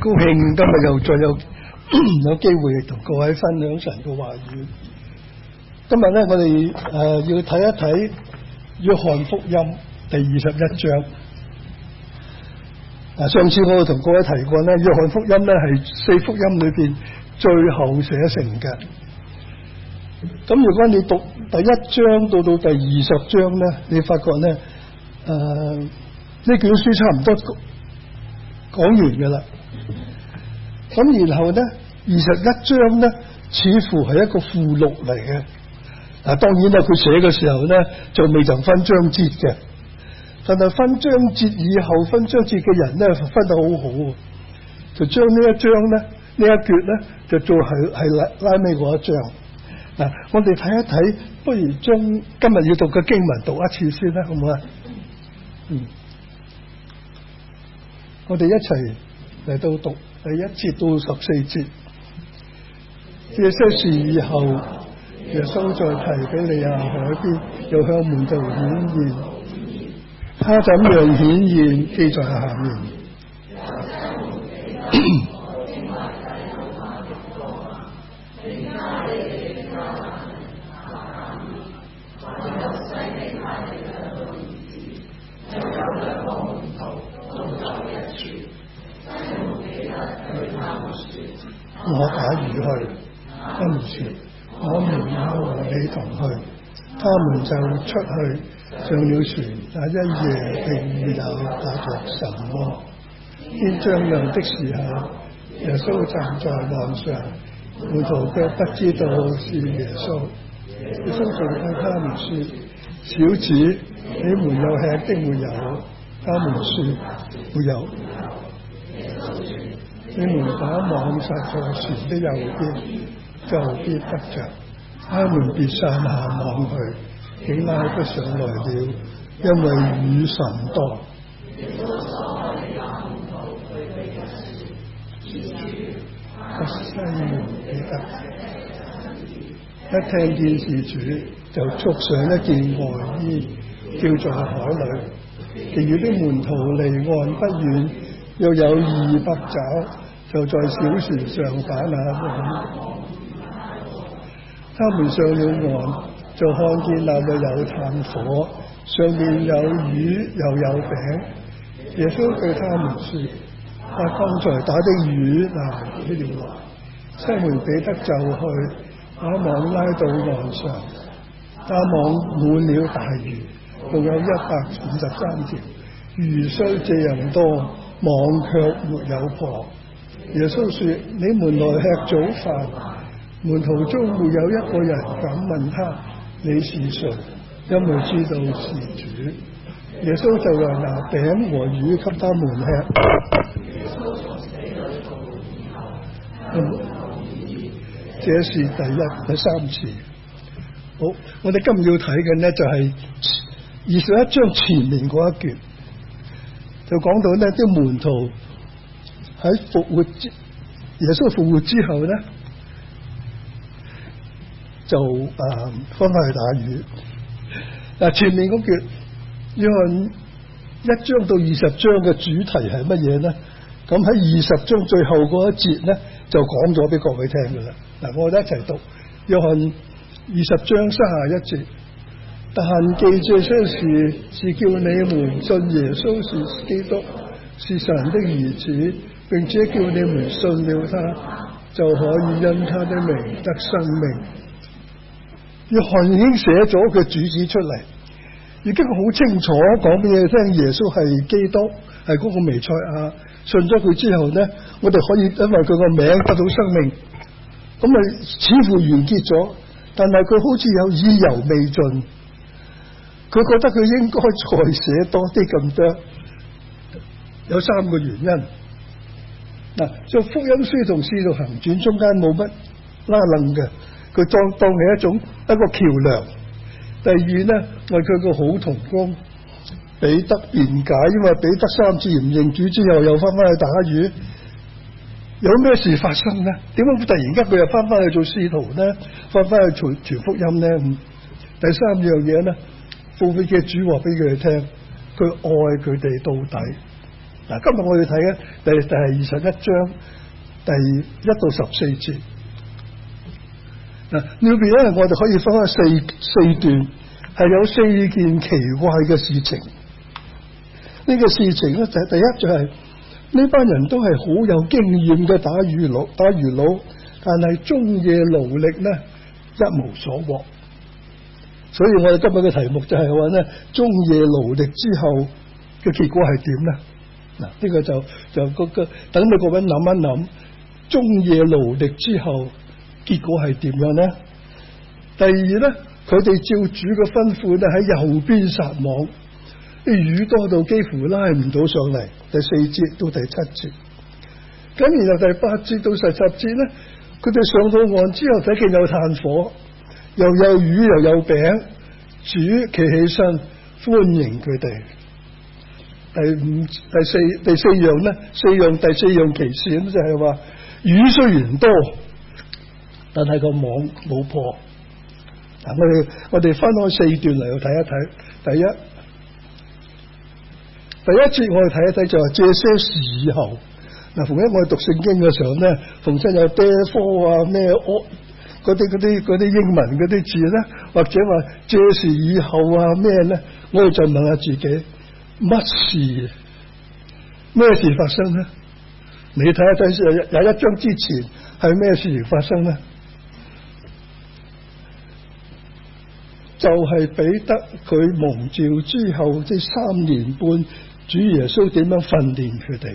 高興今日又再有有機會同各位分享神嘅話語。今日咧，我哋誒、呃、要睇一睇約翰福音第二十一章。嗱，上次我同各位提過咧，約翰福音咧係、啊、四福音裏邊最後寫成嘅。咁、嗯、如果你讀第一章到到第二十章咧，你發覺咧誒呢卷、呃、書差唔多講完嘅啦。咁然後咧，二十一章咧，似乎係一個附錄嚟嘅。嗱，當然啦，佢寫嘅時候咧，就未曾分章節嘅。但係分章節以後，分章節嘅人咧，分得好好，就將呢一章咧，一呢一卷咧，就做係係拉拉尾一章。嗱，我哋睇一睇，不如將今日要讀嘅經文讀一次先啦，好唔好啊？嗯，我哋一齊嚟到讀。第一節到十四節，這些事以後，耶穌在提比哩亞海邊，又向門徒顯現，他怎樣顯現，記在下面。他們就出去上了船，那一夜並沒有打着什麼。天將亮的時候，耶穌站在岸上，門徒卻不知道是耶穌。耶穌對他們説：小子，你們有吃的沒有？他們説：沒有。你們把網撒在船的右邊，就必得着。他們便撒下網去，幾拉都不上來了，因為魚甚多。西門彼得，一聽見是主就束上一件外衣，叫做海女。其餘啲門徒離岸不遠，又有二百肘，就在小船上擺下。他們上了岸，就看見那裏有炭火，上面有魚，又有餅。耶穌對他們說：我剛才打的魚，拿幾條來。西門彼得就去把網拉到岸上，那網滿了大魚，共有一百五十三條。魚雖這樣多，網卻沒有破。耶穌說：你們來吃早飯。門徒中沒有一個人敢問他，你是誰？因為知道是主。耶穌就話拿餅和魚給他們吃。這是第一第三次。好，我哋今日要睇嘅呢，就係二十一章前面嗰一節，就講到呢啲門徒喺復活之耶穌復活之後咧。就誒、啊，方法去打魚嗱。前面嗰卷約翰一章到二十章嘅主題係乜嘢咧？咁喺二十章最後嗰一節咧，就講咗俾各位聽噶啦。嗱，我哋一齊讀約翰二十章，三十一節。但記住，這些事，是叫你們信耶穌是基督，是神的兒子，並且叫你們信了他，就可以因他的名得生命。約翰已經寫咗佢主旨出嚟，已經好清楚講俾你聽，耶穌係基督，係嗰個彌賽亞，信咗佢之後呢，我哋可以因為佢個名得到生命，咁啊似乎完結咗，但係佢好似有意猶未盡，佢覺得佢應該再寫多啲咁多，有三個原因。嗱、啊，做福音書同使徒行傳中間冇乜拉楞嘅，佢當當係一種。一個橋樑，第二咧，為佢個好同工彼得辯解，因為彼得三次唔認主之後，又翻翻去打魚，有咩事發生咧？點解會突然間佢又翻翻去做使徒咧？翻翻去傳傳福音咧？咁第三樣嘢咧，奉耶嘅主話俾佢哋聽，佢愛佢哋到底。嗱，今日我哋睇咧，第第係二十一章第一到十四節。嗱，裏邊咧，我哋可以分開四四段，係有四件奇怪嘅事情。呢個事情咧就第一就係呢班人都係好有經驗嘅打魚佬，打魚佬，但係終夜勞力咧一無所獲。所以我哋今日嘅題目就係話咧，終夜勞力之後嘅結果係點咧？嗱，呢個就就個，等你各位諗一諗，終夜勞力之後。結果係點樣咧？第二咧，佢哋照主嘅吩咐咧，喺右邊撒網，啲魚多到幾乎拉唔到上嚟。第四節到第七節，咁然後第八節到第十節咧，佢哋上到岸之後睇見有炭火，又有魚又有餅，主企起身歡迎佢哋。第五、第四、第四樣咧，四樣第四樣奇事就係、噉、話魚雖然多。但係個網冇破。嗱，我哋我哋分開四段嚟，去睇一睇。第一，第一節我哋睇一睇就話借些以後時候。嗱、啊，逢親我哋讀聖經嘅時候咧，逢親有爹科 c 啊咩惡嗰啲啲啲英文嗰啲字咧，或者話借事以後啊咩咧，我哋再問下自己乜事？咩事發生咧？你睇一睇，有一章之前係咩事情發生咧？就係俾得佢蒙召之後，即係三年半，主耶穌點樣訓練佢哋？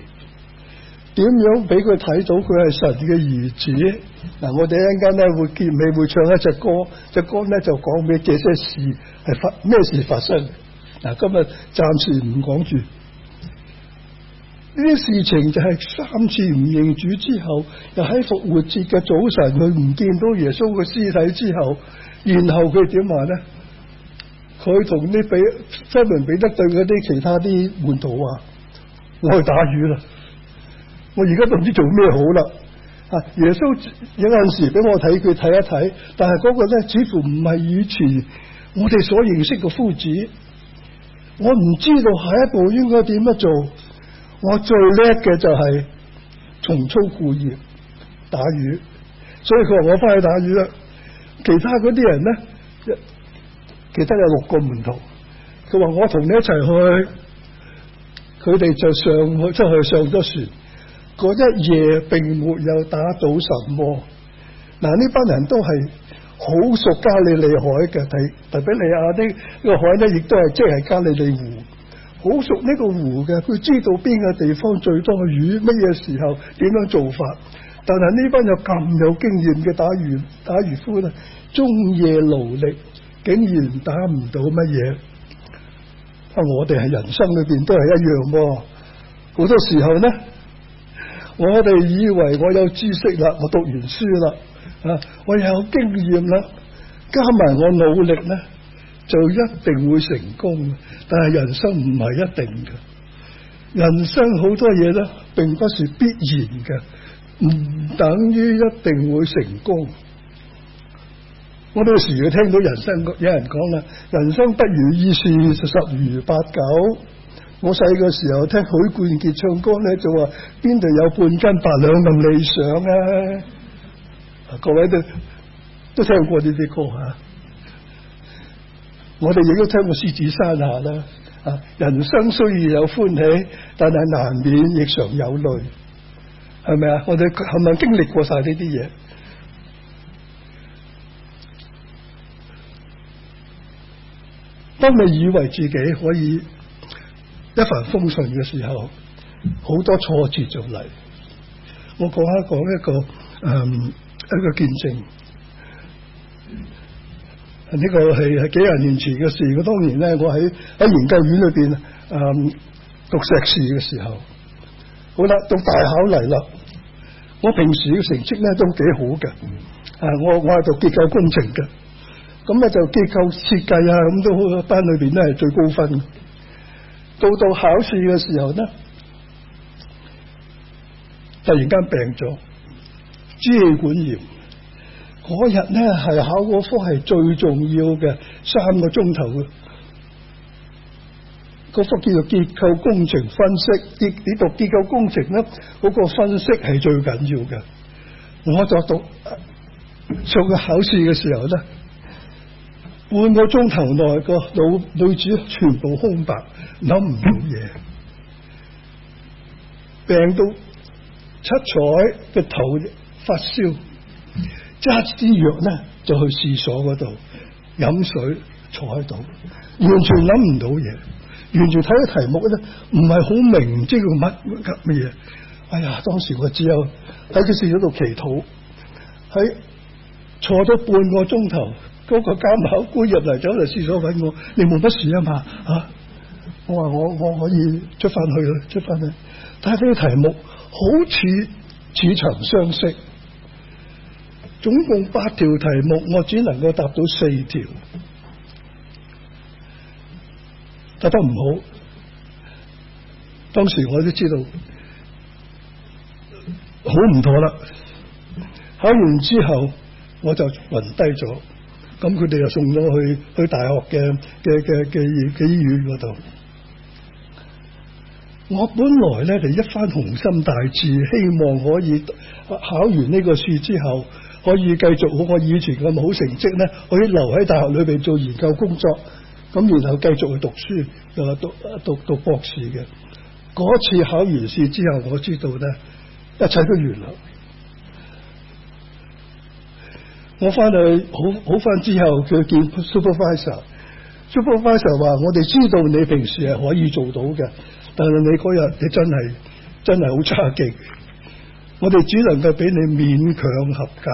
點樣俾佢睇到佢係神嘅兒子？嗱、啊，我哋一陣間咧會結尾會唱一隻歌，隻歌咧就講俾這些事係發咩事發生？嗱，今日暫時唔講住呢啲事情，就係三次唔認主之後，又喺復活節嘅早晨，佢唔見到耶穌嘅屍體之後，然後佢點話咧？佢同啲比西門彼得對嗰啲其他啲門徒話：我去打魚啦，我而家都唔知做咩好啦。啊，耶穌有陣時俾我睇佢睇一睇，但係嗰個咧似乎唔係以前我哋所認識嘅夫子。我唔知道下一步應該點樣做。我最叻嘅就係重操故業打魚，所以佢話我返去打魚啦。其他嗰啲人咧，記得有六個門徒，佢話我同你一齊去，佢哋就上去出去上咗船，嗰一夜並沒有打到什麼。嗱，呢班人都係好熟加利利海嘅，提比利亞啲呢、這個海咧，亦都係即係加利利湖，好熟呢個湖嘅，佢知道邊個地方最多嘅魚，乜嘢時候點樣做法。但係呢班有咁有經驗嘅打魚打漁夫啊，終夜勞力。竟然打唔到乜嘢啊！我哋喺人生裏邊都係一樣，好多時候呢，我哋以為我有知識啦，我讀完書啦，啊，我有經驗啦，加埋我努力咧，就一定會成功。但係人生唔係一定嘅，人生好多嘢咧，並不是必然嘅，唔等於一定會成功。我到時又聽到人生，有人講啦：人生不如意事十十如八九。我細個時候聽許冠傑唱歌咧，就話邊度有半斤八兩咁理想啊，啊！各位都都聽過呢啲歌吓，啊，我哋亦都聽過《獅子山下》啦。啊，人生雖然有歡喜，但係難免亦常有淚，係咪啊？我哋冚唪唥經歷過晒呢啲嘢。當你以為自己可以一帆風順嘅時候，好多挫折就嚟。我講下講一個誒一個、嗯、一個見證，呢個係係幾十年前嘅事。我當年咧，我喺喺研究院裏邊誒、嗯、讀碩士嘅時候，好啦，到大考嚟啦。我平時嘅成績咧都幾好嘅，誒、嗯啊，我我係讀結構工程嘅。咁啊，就結構設計啊，咁都好。班裏邊咧係最高分。到到考試嘅時候咧，突然間病咗，支氣管炎。嗰日咧係考嗰科係最重要嘅三個鐘頭嘅，嗰科叫做結構工程分析。你你讀結構工程咧，嗰、嗰個分析係最緊要嘅。我作到做，做考試嘅時候咧。半個鐘頭內個老女子全部空白，諗唔到嘢，病到七彩嘅頭發燒，揸啲藥咧就去廁所度飲水坐喺度，完全諗唔到嘢，完全睇啲題目咧唔係好明，唔知叫乜乜乜嘢。哎呀，當時我只有喺個廁所度祈禱，喺坐咗半個鐘頭。嗰個監考官入嚟，走嚟廁所揾，我，你冇乜事啊？嘛吓，我話我我可以出翻去咯，出翻去。但係呢個題目好似似曾相識，總共八條題目，我只能夠答到四條，答得唔好。當時我都知道好唔妥啦。考完之後我就暈低咗。咁佢哋又送咗去去大學嘅嘅嘅嘅嘅醫院嗰度。我本來咧就一番雄心大志，希望可以考完呢個試之後，可以繼續好我以前咁好成績咧，可以留喺大學裏邊做研究工作，咁然後繼續去讀書，又係讀讀讀博士嘅。嗰次考完試之後，我知道咧，一切都完啦。我翻去好好翻之後，佢見 supervisor，supervisor 話 Super：「我哋知道你平時係可以做到嘅，但係你嗰日你真係真係好差勁，我哋只能夠俾你勉強合格。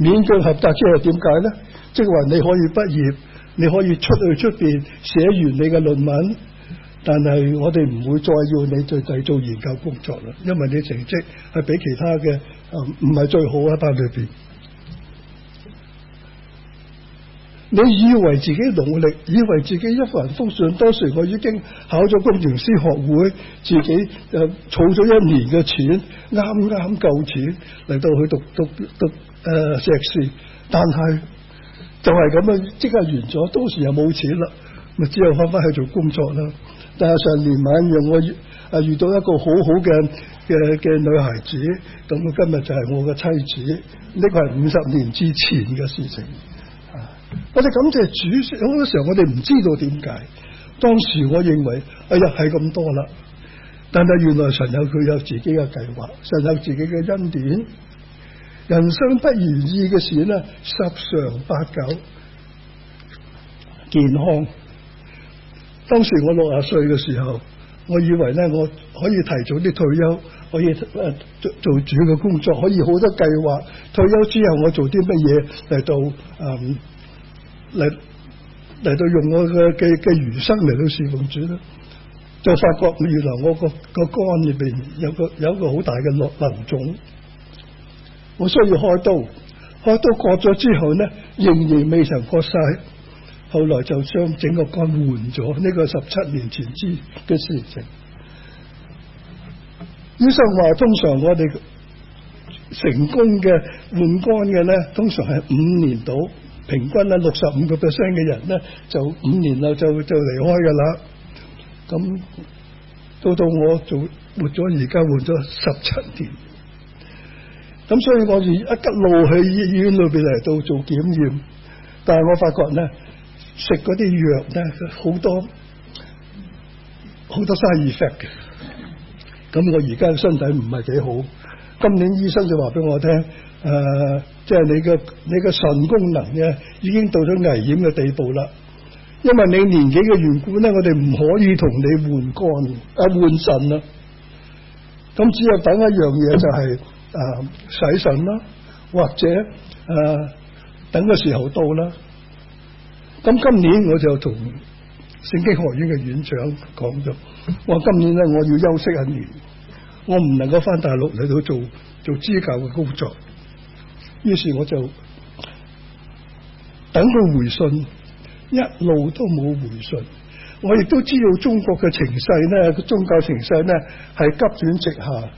勉強合格之後點解咧？即係話你可以畢業，你可以出去出邊寫完你嘅論文。但係我哋唔會再要你再製造研究工作啦，因為你成績係比其他嘅唔唔係最好喺班裏邊。你以為自己努力，以為自己一帆風順，當時我已經考咗工程師學會，自己誒儲咗一年嘅錢，啱啱夠錢嚟到去讀讀讀誒碩、呃、士，但係就係咁樣，即刻完咗，當時又冇錢啦，咪只有翻翻去做工作啦。但係上年晚，讓我遇啊遇到一個好好嘅嘅嘅女孩子，咁今日就係我嘅妻子。呢個係五十年之前嘅事情。嗯、我哋感謝主，好多時候我哋唔知道點解。當時我認為哎呀係咁多啦，但係原來神有佢有自己嘅計劃，神有自己嘅恩典。人生不如意嘅事呢十常八九，健康。當時我六十歲嘅時候，我以為咧我可以提早啲退休，可以誒做做主嘅工作，可以好多計劃。退休之後我做啲乜嘢嚟到誒嚟嚟到用我嘅嘅嘅餘生嚟到侍奉主咧，就發覺原來我個個肝裏邊有個有一個好大嘅瘤囊腫，我需要開刀。開刀割咗之後咧，仍然未曾割晒。後來就將整個肝換咗，呢、這個十七年前知嘅事情。醫生話：通常我哋成功嘅換肝嘅咧，通常係五年到，平均咧六十五個 percent 嘅人咧，就五年後就離就離開噶啦。咁到到我做活咗，而家換咗十七年，咁所以我住一路去醫院裏邊嚟到做檢驗，但係我發覺咧。食嗰啲藥咧，好多好多 s 意 d e 嘅。咁 我而家嘅身體唔係幾好，今年醫生就話俾我聽，誒、呃，即、就、係、是、你個你個腎功能咧，已經到咗危險嘅地步啦。因為你年紀嘅緣故咧，我哋唔可以同你換肝啊換腎啊。咁只有等一樣嘢就係、是、誒、呃、洗腎啦，或者誒、呃、等嘅時候到啦。咁今年我就同聖經學院嘅院長講咗，我今年咧，我要休息一年，我唔能夠翻大陸嚟度做做支教嘅工作。於是我就等佢回信，一路都冇回信。我亦都知道中國嘅情勢咧，宗教情勢咧係急轉直下。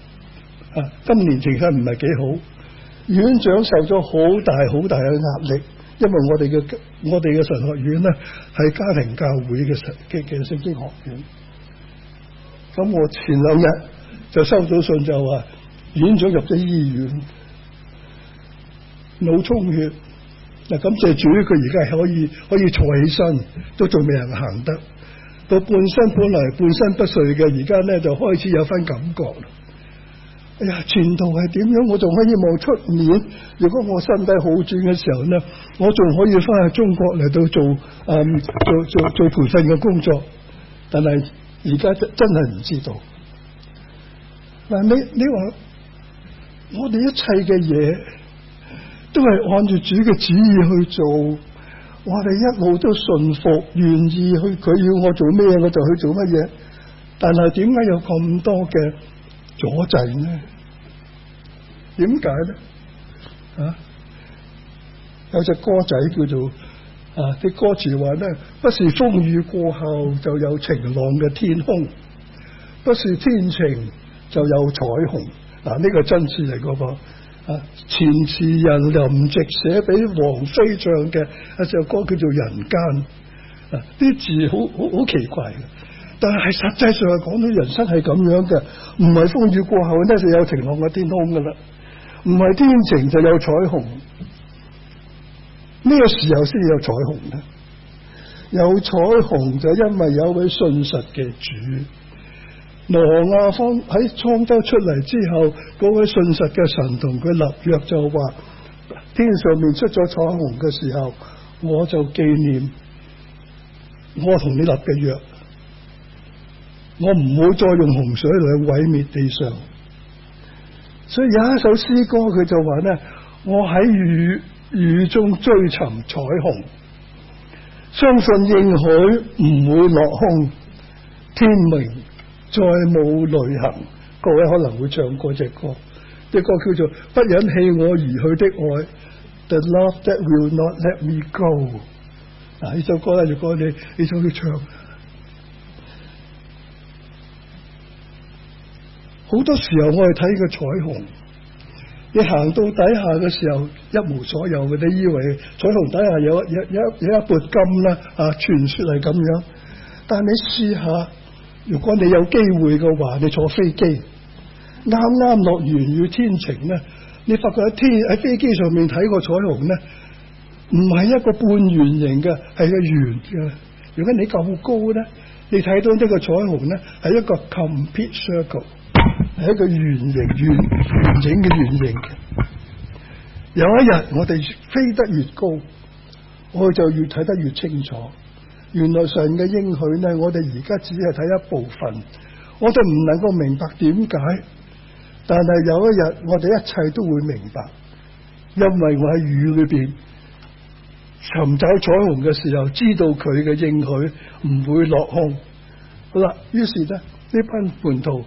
啊，今年情勢唔係幾好，院長受咗好大好大嘅壓力。因為我哋嘅我哋嘅神學院咧係家庭教會嘅神嘅嘅聖經學院，咁我前兩日就收到信就話院長入咗醫院腦充血嗱，感謝主，佢而家可以可以坐起身，都仲未人行得，到半身本嚟，半身不遂嘅，而家咧就開始有返感覺。哎呀，前途係點樣？我仲可以望出面。如果我身體好轉嘅時候咧，我仲可以翻去中國嚟到做誒、嗯、做做做培訓嘅工作。但係而家真真係唔知道。嗱，你你話我哋一切嘅嘢都係按住主嘅旨意去做，我哋一路都順服，願意去佢要我做咩，我就去做乜嘢。但係點解有咁多嘅？阻滯呢？點解咧？啊！有隻歌仔叫做啊，啲歌詞話咧，不是風雨過後就有晴朗嘅天空，不是天晴就有彩虹。嗱，呢、啊這個真事嚟噶噃。啊，前詞人林夕寫俾王菲唱嘅一首歌叫做人間《人、啊、間》，啲字好好好奇怪嘅。但係實際上係講到人生係咁樣嘅，唔係風雨過後咧就有晴朗嘅天空噶啦，唔係天晴就有彩虹。呢、這個時候先有彩虹啦，有彩虹就因為有一位信實嘅主。挪亞方喺倉州出嚟之後，嗰位信實嘅神同佢立約就話：天上面出咗彩虹嘅時候，我就紀念我同你立嘅約。我唔好再用洪水嚟毀滅地上，所以有一首詩歌，佢就話咧：我喺雨雨中追尋彩虹，相信應許唔會落空，天明再冇淚痕。各位可能會唱過隻歌，隻歌叫做《不忍棄我而去的愛》。The love that will not let me go。嗱，呢首歌咧，如果你你想要唱。好多時候我哋睇個彩虹，你行到底下嘅時候一無所有嘅。你以為彩虹底下有有有一有一撥金啦？啊，傳說係咁樣，但係你試下，如果你有機會嘅話，你坐飛機啱啱落完雨天晴咧，你發覺喺天喺飛機上面睇個彩虹咧，唔係一個半圓形嘅，係個圓嘅。如果你夠高咧，你睇到呢個彩虹咧係一個 complete circle。係一個圓形、圓圓形嘅圓形。有一日我哋飛得越高，我就越睇得越清楚。原來上嘅應許咧，我哋而家只係睇一部分，我哋唔能夠明白點解。但係有一日我哋一切都會明白，因為我喺雨裏邊尋找彩虹嘅時候，知道佢嘅應許唔會落空。好啦，於是咧呢班門徒，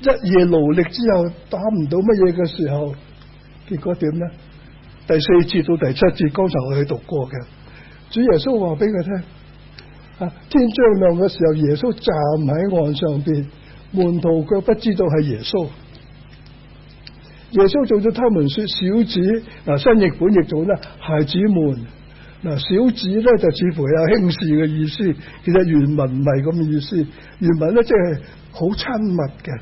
一夜勞力之後，打唔到乜嘢嘅時候，結果點咧？第四節到第七節，剛才我去讀過嘅主耶穌話俾佢聽：啊，天將亮嘅時候，耶穌站喺岸上邊，門徒卻不知道係耶穌。耶穌做咗，他們說小子嗱，新譯本譯做咧，孩子們嗱，小子咧就似乎有輕視嘅意思。其實原文唔係咁嘅意思，原文咧即係好親密嘅。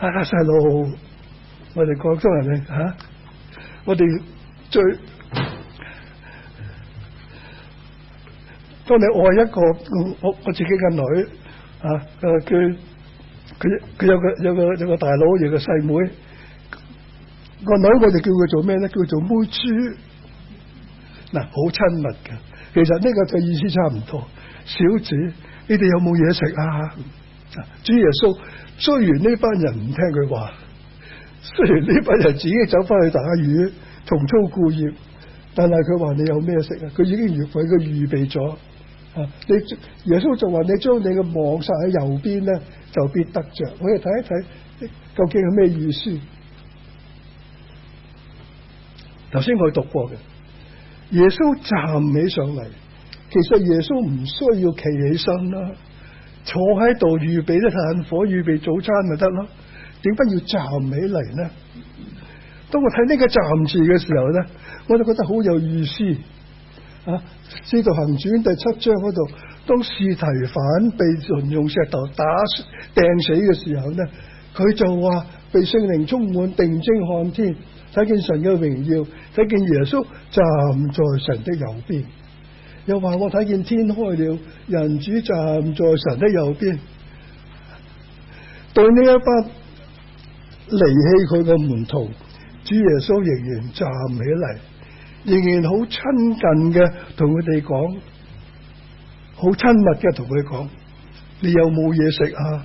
啊！細路，我哋廣東人咧吓、啊，我哋最當你愛一個、嗯、我，我自己嘅女啊，佢佢佢有個有個有個大佬，有個細妹，妹，個女我哋叫佢做咩咧？叫做妹豬，嗱、啊，好親密嘅。其實呢個就意思差唔多。小子，你哋有冇嘢食啊？主耶穌，雖然呢班人唔聽佢話，雖然呢班人自己走翻去打魚，重操故業，但係佢話你有咩食啊？佢已經預備咗。啊，你耶穌就話你將你嘅網晒喺右邊咧，就必得着。我哋睇一睇究竟係咩意思。頭先我讀過嘅，耶穌站起上嚟，其實耶穌唔需要企起身啦。坐喺度預備啲炭火，預備早餐咪得咯？點解要站起嚟咧？當我睇呢個站字嘅時候咧，我就覺得好有意思。啊，使徒行傳第七章度，當司提反被用石頭打掟死嘅時候咧，佢就話被聖靈充滿，定睛看天，睇見神嘅榮耀，睇見耶穌站在神的右邊。又話我睇見天開了，人主站在神的右邊，對呢一班離棄佢嘅門徒，主耶穌仍然站起嚟，仍然好親近嘅同佢哋講，好親密嘅同佢講，你有冇嘢食啊？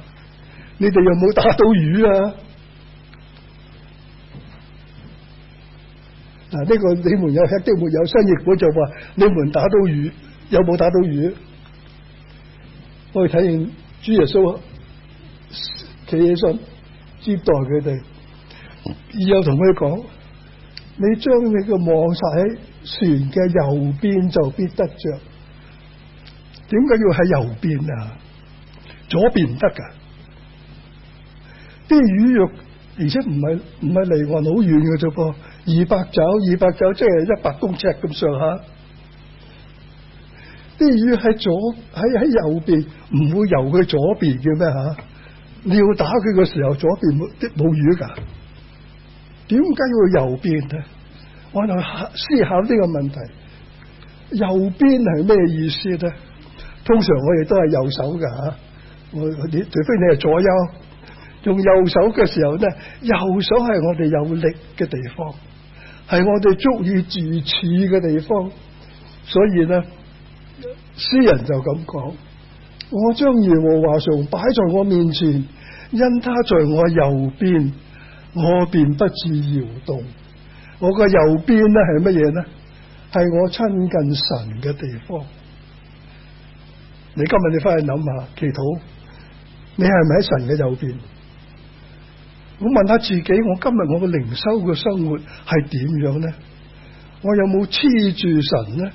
你哋有冇打到魚啊？嗱，呢個你們有吃的，這個、沒有生意本就話你們打到魚，有冇打到魚？我哋睇見主耶穌企起身接待佢哋，以後同佢講：你將你嘅網晒喺船嘅右邊，就必得着。點解要喺右邊啊？左邊唔得噶，啲魚肉而且唔係唔係離岸好遠嘅啫噃。二百肘，二百肘，即係一百公尺咁上下。啲、啊、魚喺左，喺喺右邊，唔會游佢左邊嘅咩吓？你要打佢嘅時候，左邊冇啲冇魚噶？點解要去右邊咧？我喺度思考呢個問題。右邊係咩意思咧？通常我哋都係右手嘅吓、啊，我你除非你係左右，用右手嘅時候咧，右手係我哋有力嘅地方。係我哋足以住處嘅地方，所以咧，詩人就咁講：我將耶和華常擺在我面前，因他在我右邊，我便不至搖動。我嘅右邊咧係乜嘢咧？係我親近神嘅地方。你今日你翻去諗下，祈禱，你係咪喺神嘅右邊？我問下自己：我今日我嘅靈修嘅生活係點樣咧？我有冇黐住神咧？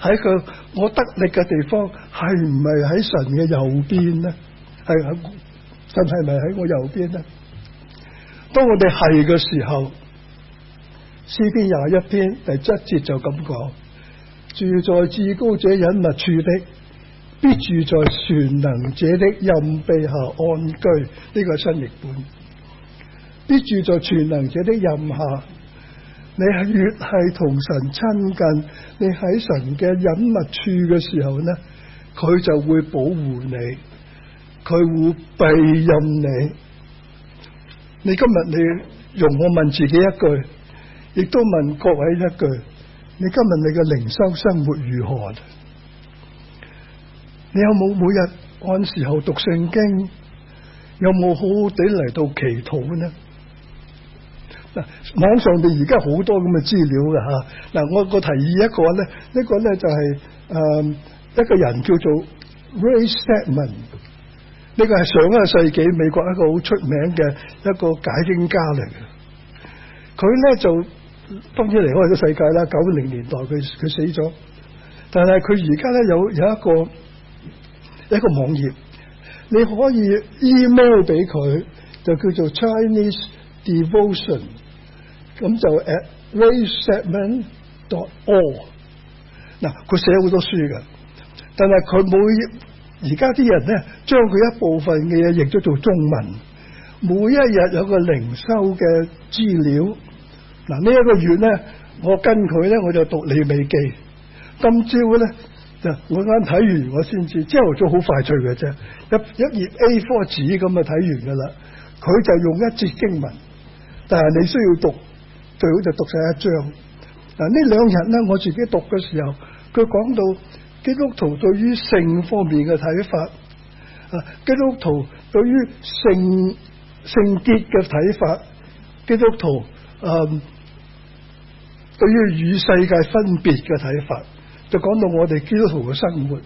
喺個我得力嘅地方係唔係喺神嘅右邊咧？係喺神係咪喺我右邊咧？當我哋係嘅時候，詩篇廿一篇第七節就咁講：住在至高者隱密處的，必住在全能者的蔭庇下安居。呢個新譯本。必住在全能者的任下。你越係同神親近，你喺神嘅隱密處嘅時候咧，佢就會保護你，佢會庇蔭你。你今日你容我問自己一句，亦都問各位一句：你今日你嘅靈修生活如何？你有冇每日按時候讀聖經？有冇好好地嚟到祈禱呢？網上哋而家好多咁嘅資料噶吓，嗱、啊、我個提議一個咧，一個咧就係、是、誒、呃、一個人叫做 Ray Steadman 呢個係上一個世紀美國一個好出名嘅一個解經家嚟嘅。佢咧就當然離開咗世界啦，九零年代佢佢死咗，但係佢而家咧有有一個一個網頁，你可以 email 俾佢，就叫做 Chinese Devotion。咁就 at raystedman dot org 嗱，佢寫好多書嘅，但係佢每而家啲人咧，將佢一部分嘅嘢譯咗做中文。每一日有個靈修嘅資料，嗱呢一個月咧，我跟佢咧，我就讀利未記。今朝咧就我啱睇完，我先知。朝頭早好快脆快趣嘅啫，一一頁 A4 紙咁就睇完噶啦。佢就用一節經文，但係你需要讀。最好就讀晒一章。嗱，呢兩日咧，我自己讀嘅時候，佢講到基督徒對於性方面嘅睇法，基督徒對於性聖潔嘅睇法，基督徒誒、嗯，對於與世界分別嘅睇法，就講到我哋基督徒嘅生活。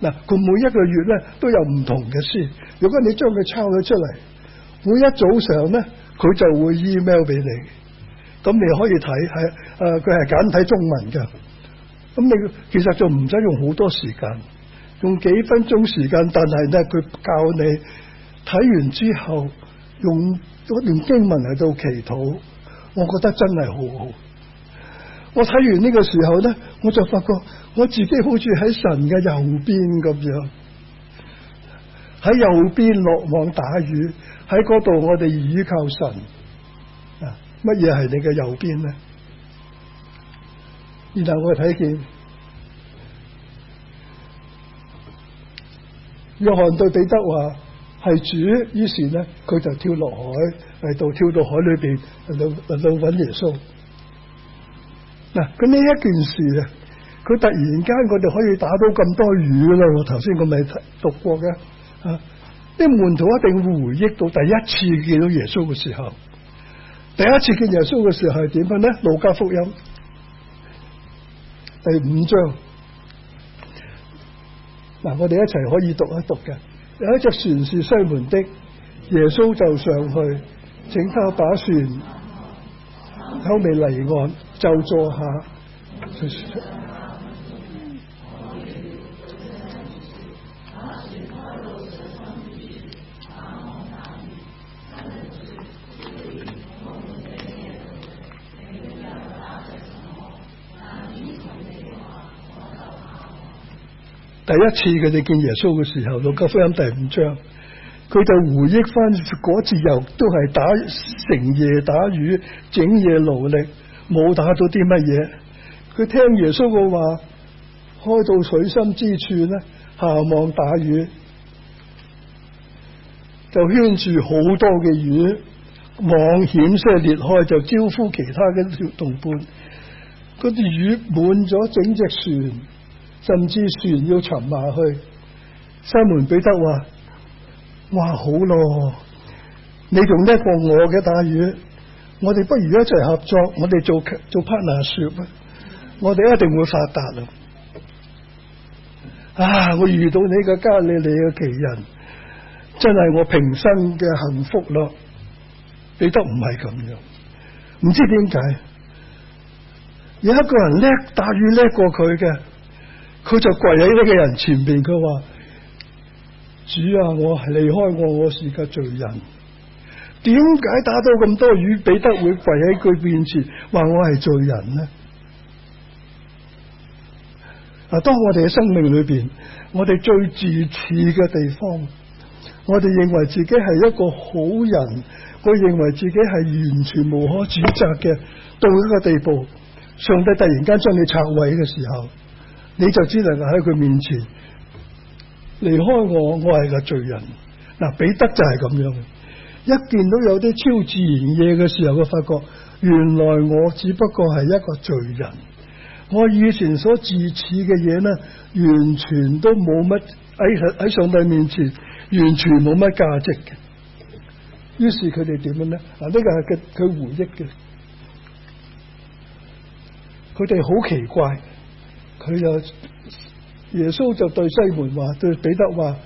嗱，佢每一個月咧都有唔同嘅書，如果你將佢抄咗出嚟，每一早上咧佢就會 email 俾你。咁你可以睇，係誒佢係簡體中文嘅，咁你其實就唔使用好多時間，用幾分鐘時間，但係咧佢教你睇完之後用用經文嚟到祈禱，我覺得真係好好。我睇完呢個時候咧，我就發覺我自己好似喺神嘅右邊咁樣，喺右邊落網打魚，喺嗰度我哋倚靠神。乜嘢係你嘅右邊咧？然後我睇見約翰對彼得話係主，於是咧佢就跳落海，係到跳到海裏邊，嚟到嚟到搵耶穌。嗱，咁呢一件事啊，佢突然間我哋可以打到咁多魚啦！頭先我咪讀過嘅，啲、啊、門徒一定會回憶到第一次見到耶穌嘅時候。第一次見耶穌嘅時候係點樣咧？路加福音第五章，嗱，我哋一齊可以讀一讀嘅。有一隻船是西門的，耶穌就上去，請他把船後尾離岸就坐下。第一次佢哋見耶穌嘅時候，《路加福音》第五章，佢就回憶翻嗰次遊都係打成夜打魚，整夜勞力，冇打到啲乜嘢。佢聽耶穌嘅話，開到水深之處咧，下網打魚，就圈住好多嘅魚網，險些裂開，就招呼其他嘅同伴。啲魚滿咗整隻船。甚至船要沉下去。西門彼得話：哇，好咯，你仲叻過我嘅，打魚，我哋不如一齊合作，我哋做做 partnership，我哋一定會發達啦。啊，我遇到你個加利利嘅奇人，真係我平生嘅幸福咯。彼得唔係咁樣，唔知點解，有一個人叻打魚叻過佢嘅。佢就跪喺呢個人前邊，佢話：主啊，我係離開我，我是個罪人。點解打到咁多魚，彼得會跪喺佢面前，話我係罪人呢？嗱，當我哋嘅生命裏邊，我哋最自處嘅地方，我哋認為自己係一個好人，我認為自己係完全無可指責嘅，到一個地步，上帝突然間將你拆毀嘅時候。你就只能喺佢面前離開我，我係個罪人。嗱，彼得就係咁樣嘅，一見到有啲超自然嘢嘅時候，佢發覺原來我只不過係一個罪人，我以前所自恃嘅嘢咧，完全都冇乜喺喺上帝面前完全冇乜價值嘅。於是佢哋點樣咧？嗱，呢個係佢佢回憶嘅，佢哋好奇怪。佢就耶穌就對西門話，對彼得話：，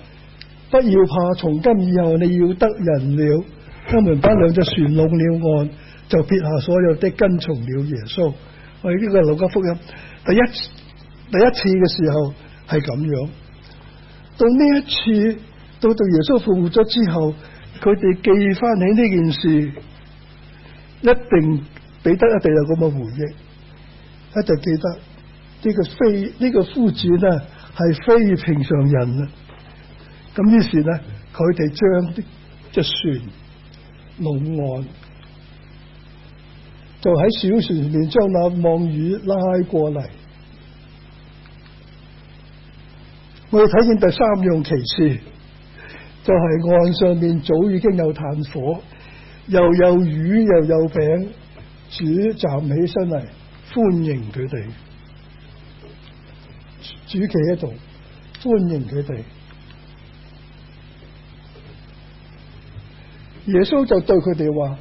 不要怕，從今以後你要得人了。他們把兩隻船弄了岸，就撇下所有的跟從了耶穌。喂，呢、呢個係路加福音，第一次第一次嘅時候係咁樣。到呢一次，到到耶穌復活咗之後，佢哋記翻起呢件事，一定彼得一定有咁嘅回憶，一定記得。呢個非呢個夫子呢，係非平常人啊！咁於是呢，佢哋將啲隻船弄岸，就喺小船入面將那望魚拉過嚟。我哋睇見第三樣奇事，就係、是、岸上面早已經有炭火，又有魚又有餅，主站起身嚟歡迎佢哋。主企喺度，歡迎佢哋。耶穌就對佢哋話：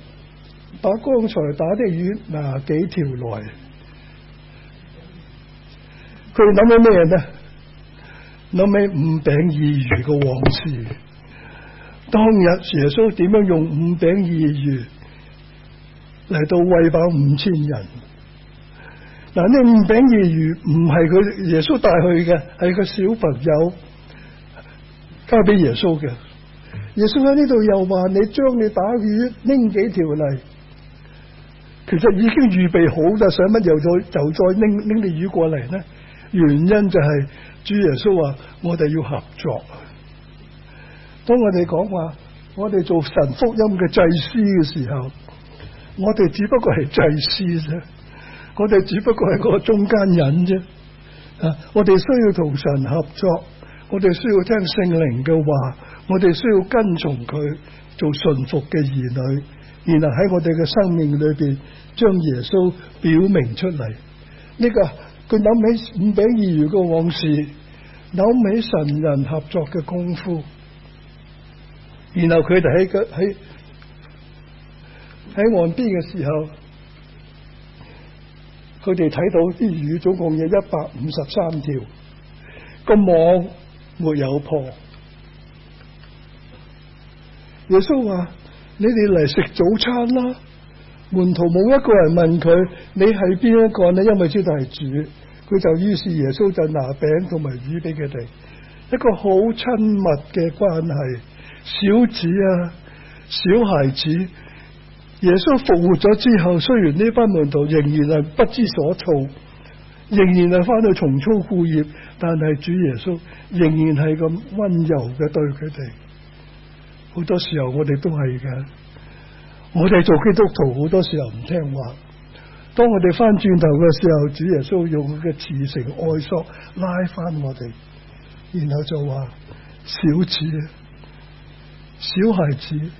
把剛才打的魚，拿幾條來。佢哋諗起咩呢？諗起五餅二魚嘅往事。當日耶穌點樣用五餅二魚嚟到喂飽五千人？嗱，呢五餅二魚唔係佢耶穌帶去嘅，係個小朋友交俾耶穌嘅。耶穌喺呢度又話：你將你打魚拎幾條嚟，其實已經預備好想就想乜又再又再拎拎啲魚過嚟呢？原因就係主耶穌話：我哋要合作。當我哋講話，我哋做神福音嘅祭司嘅時候，我哋只不過係祭司啫。我哋只不過係個中間人啫，啊！我哋需要同神合作，我哋需要聽聖靈嘅話，我哋需要跟從佢，做順服嘅兒女，然後喺我哋嘅生命裏邊，將耶穌表明出嚟。呢、這個佢諗起五餅二魚嘅往事，諗起神人合作嘅功夫，然後佢哋喺佢喺喺岸邊嘅時候。佢哋睇到啲魚總共有一百五十三條，個網沒有破。耶穌話：你哋嚟食早餐啦！門徒冇一個人問佢：你係邊一個呢？因為知道係主，佢就於是耶穌就拿餅同埋魚俾佢哋，一個好親密嘅關係，小子啊，小孩子。耶穌復活咗之後，雖然呢班門徒仍然係不知所措，仍然係翻去重操故業，但係主耶穌仍然係咁溫柔嘅對佢哋。好多時候我哋都係嘅，我哋做基督徒好多時候唔聽話，當我哋翻轉頭嘅時候，主耶穌用佢嘅慈繩愛索拉翻我哋，然後就話小子、小孩子。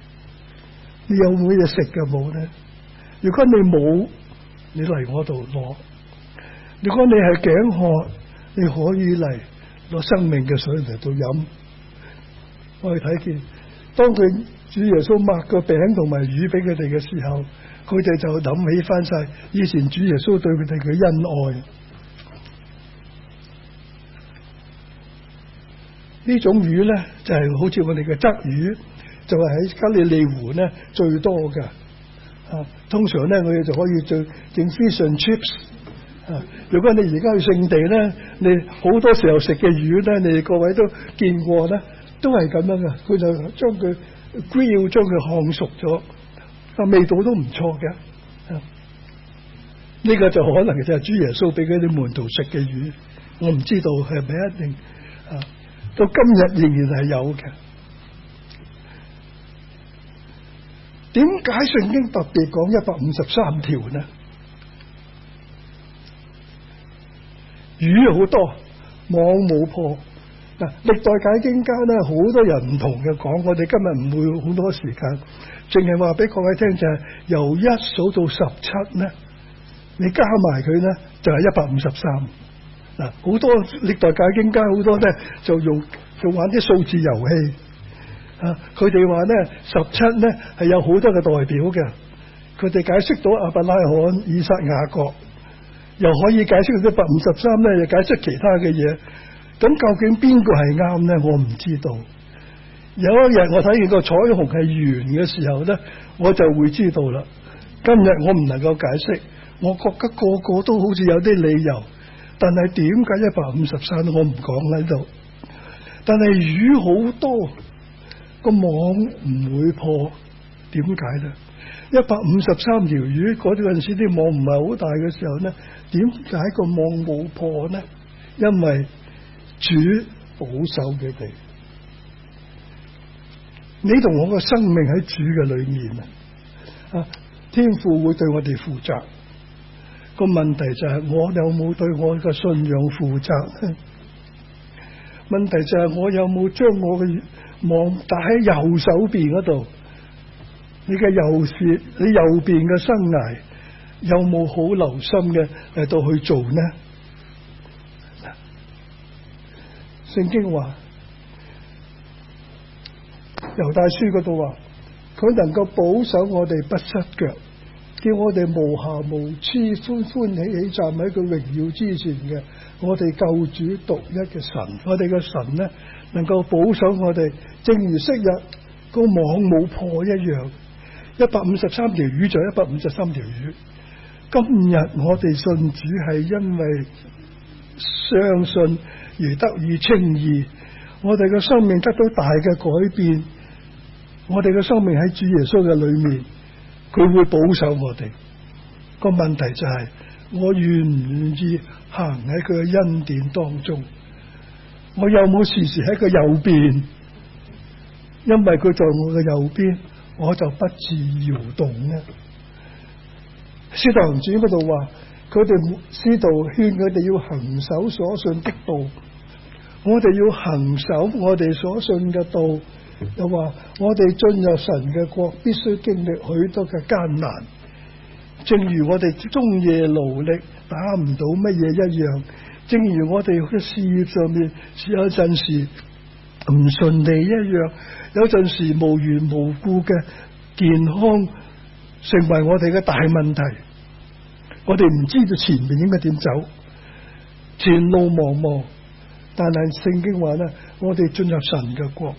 你有冇嘢食嘅冇咧？如果你冇，你嚟我度攞。如果你係頸渴，你可以嚟攞生命嘅水嚟到飲。我哋睇見，當佢主耶穌擘個餅同埋魚俾佢哋嘅時候，佢哋就諗起翻晒以前主耶穌對佢哋嘅恩愛。呢種魚咧，就係、是、好似我哋嘅鯽魚。就係喺加利利湖咧最多嘅，啊，通常咧我哋就可以做整 fish and chips，啊，如果你而家去聖地咧，你好多時候食嘅魚咧，你哋各位都見過咧，都係咁樣嘅，佢就將佢 grill 將佢烘熟咗，個味道都唔錯嘅，啊，呢、這個就可能就係主耶穌俾嗰啲門徒食嘅魚，我唔知道係咪一定，啊，到今日仍然係有嘅。點解聖經特別講一百五十三條呢？魚好多，網冇破嗱。歷代解經家呢，好多人唔同嘅講，我哋今日唔會好多時間，淨係話俾各位聽就係、是，由一數到十七呢，你加埋佢呢就係一百五十三。嗱，好多歷代解經家好多呢就用用玩啲數字遊戲。啊！佢哋話咧，十七咧係有好多嘅代表嘅，佢哋解釋到阿伯拉罕、以撒、雅各，又可以解釋一百五十三咧，又解釋其他嘅嘢。咁究竟邊個係啱咧？我唔知道。有一日我睇見個彩虹係圓嘅時候咧，我就會知道啦。今日我唔能夠解釋，我覺得個個都好似有啲理由，但係點解一百五十三？我唔講喺度。但係魚好多。個網唔會破，點解咧？一百五十三條魚，嗰陣時啲網唔係好大嘅時候咧，點解個網冇破咧？因為主保守佢哋，你同我嘅生命喺主嘅裏面啊！天父會對我哋負責，個問題就係我有冇對我嘅信仰負責？問題就係我有冇將我嘅？望，但喺右手邊嗰度，你嘅右事，你右邊嘅生涯，有冇好留心嘅嚟到去做呢？聖經話，猶大書嗰度話，佢能夠保守我哋不失腳，叫我哋無瑕無疵，歡歡喜喜站喺佢榮耀之前嘅，我哋救主獨一嘅神，我哋嘅神呢。能夠保守我哋，正如昔日、個網冇破一樣，一百五十三條魚就一百五十三條魚。今日我哋信主係因為相信而得以稱義，我哋嘅生命得到大嘅改變，我哋嘅生命喺主耶穌嘅裏面，佢會保守我哋。個問題就係、是、我願唔願意行喺佢嘅恩典當中。我有冇時時喺佢右邊？因為佢在我嘅右邊，我就不自搖動咧。使徒行傳嗰度話：佢哋使徒勸佢哋要行守所信的道，我哋要行守我哋所信嘅道。又話：我哋進入神嘅國，必須經歷許多嘅艱難，正如我哋終夜勞力打唔到乜嘢一樣。正如我哋嘅事業上面，有一陣時唔順利一樣，有陣時無緣無故嘅健康成為我哋嘅大問題，我哋唔知道前面應該點走，前路茫茫。但係聖經話咧，我哋進入神嘅國，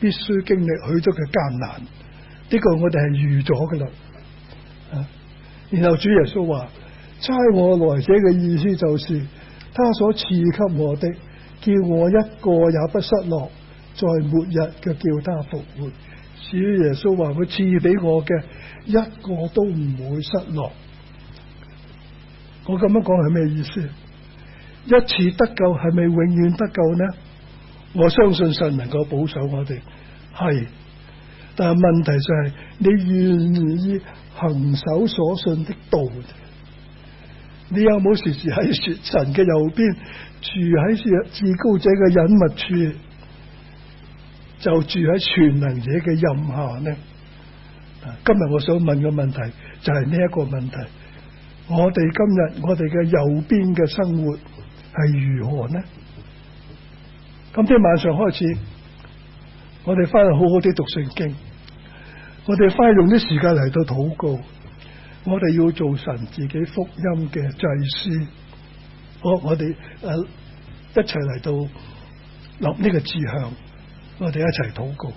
必須經歷許多嘅艱難，呢個我哋係預咗嘅啦啊。然後主耶穌話：差我來者嘅意思就是。他所賜給我的，叫我一個也不失落；在末日，佢叫他復活。主耶穌話佢賜俾我嘅，一個都唔會失落。我咁樣講係咩意思？一次得救係咪永遠得救呢？我相信神能夠保守我哋，係。但係問題就係、是、你願唔願意行守所信的道。你有冇時時喺神嘅右邊住喺至高者嘅隱密處，就住喺全能者嘅蔭下呢？今日我想問嘅問題就係呢一個問題。我哋今日我哋嘅右邊嘅生活係如何呢？咁今晚上開始，我哋返去好好啲讀聖經，我哋返去用啲時間嚟到禱告。我哋要做神自己福音嘅祭司。好，我我哋誒一齊嚟到立呢個志向，我哋一齊禱告。